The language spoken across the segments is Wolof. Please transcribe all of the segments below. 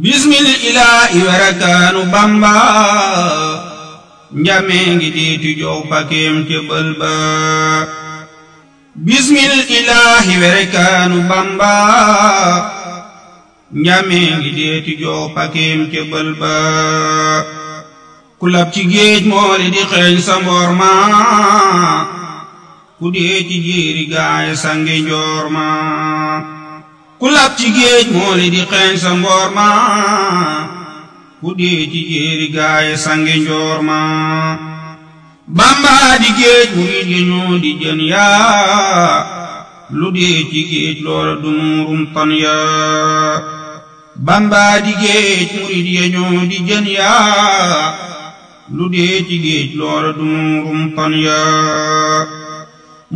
bismil ilaahi werakaanu bamba njamee ngi diitu jow pakeem cëbal ba bismil ilaahi werakaanu bamba njamee ngi diitu jow pakeem cëbal ba ku lab ci géej moole di xeeñ sa mboor ma ku dee ci jiiri gaay sangi njoor ma ku lab ci géej mooli di xeeñ sa ngoor ku dee ci jéeri gaaye sange njoor ma bamba géej mu ngi géñoo di jën yaa lu dee ci géej loola du nuurum tan yaa bamba di géej murid yeñoo di jën yaa lu dee ci géej loola du nuurum tan yaa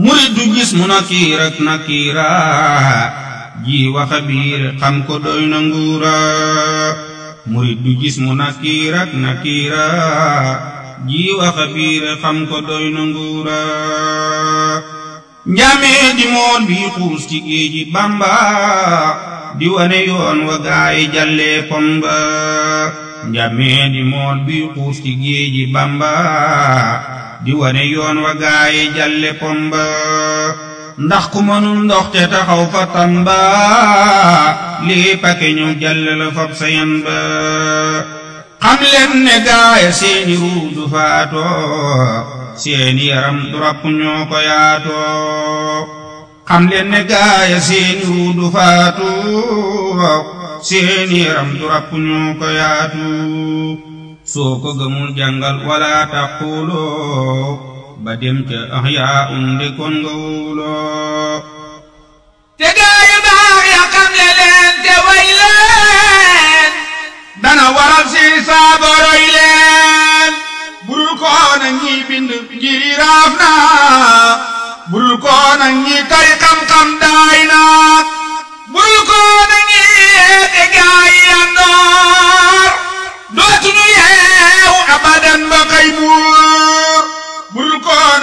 murid du gis mu nakiir ak ji wa xabiir xam ko doy na nguura murit du gis mu nakiir ak nakiira ji wa xabiir xam ko doy na nguura njamee di mool xuus ci géeji bamba di wane yoon wa gaay pomba njamee di mool xuus ci géeji bamba di wane yoon wa gaay pomba ndax ku mënul ndox te taxaw fa tamba lii pake ñu fab sa yan ba xam gaaya seeni ruuj du faatoo seeni yaram du ràpp ñoo ko yaatoo xam gaaya seeni ruuj du faatoo seeni yaram du ràpp ñoo ko yaatu gëmul jàngal wala taquloo ba dem ca axyaa um kon nga te gaayu baax le leen te way leen dana waral si saaboroy leen bul koona ñi bind njiri raaf na bul koona ñi tay xam-xam daay na bul koona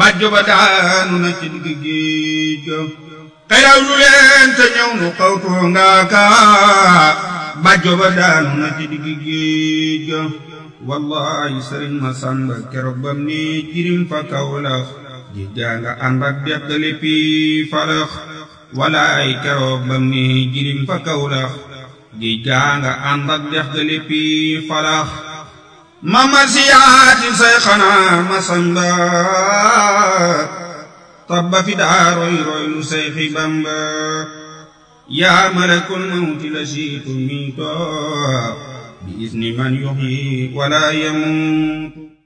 mbàjj ba daanu na ci digg géej lu leen te ñëw nu xaw too ba daanu na ci digg géej ga ma sàmba keroog bam ni jirim fa kawlax ji jaanga ànd ak ga léppi falax wallaay keroog bam ni jirim fa kawlax ji jaanga ànd ak ga léppi falax ma marsiyaati say xanaa ma samba tabba fi daa roy roy lu say xi bamba yaa malakul mawti la siitu minto bi isni man yuxyi wala yamuutu